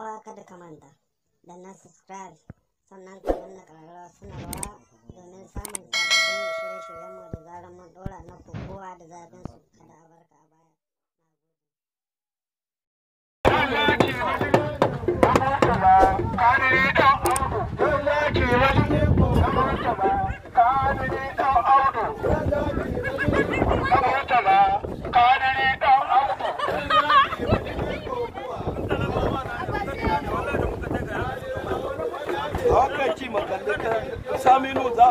uwa kada ka manta da na subscribe sannan ka danna ƙararrawa rawa domin samun sabbin shirye-shiryenmu da zarar mun ɗora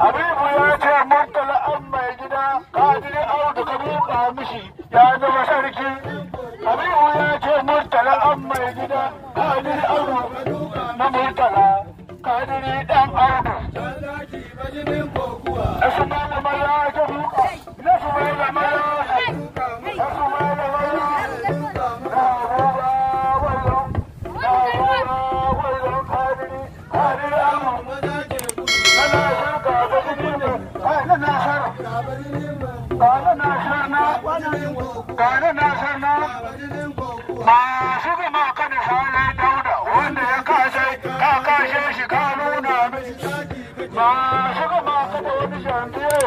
habibu ya ce murtala an mai gida kadiri audu ka duka mishi ya zama sarki habibu ya ce murtala an mai gida kadiri audu na murtala kadiri dan audu Asuma da mara ta buka, na su bai da mara Tare na sarna, tare na sarna, masu gama kan sale dauda wanda ya kashe, ka kashe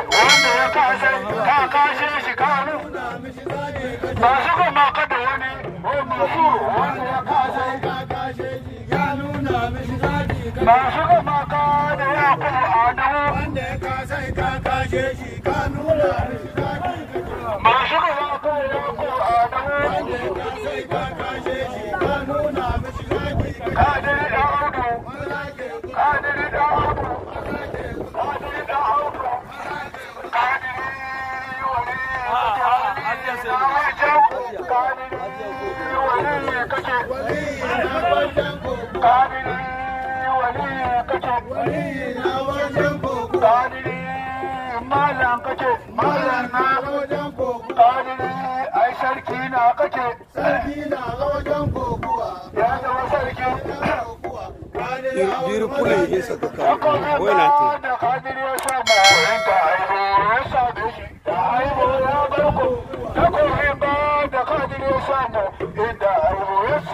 Masu wanda ya ka kashe ka nuna. Masu wanda ka kashe Masu Wanda ya ka kashe kake kadiri wali malam na malam koko kadiri ai sarki na kake ya zama sarki Bir pule yasa ka kawo wayna da kadiri ya ta aibo ya sa ba da kadiri ya inda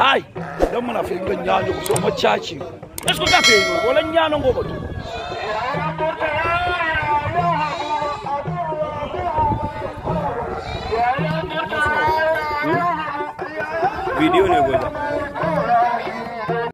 hai don muna fi gan yano so macaci ne su kafe yi wani yano gobe to video ne gobe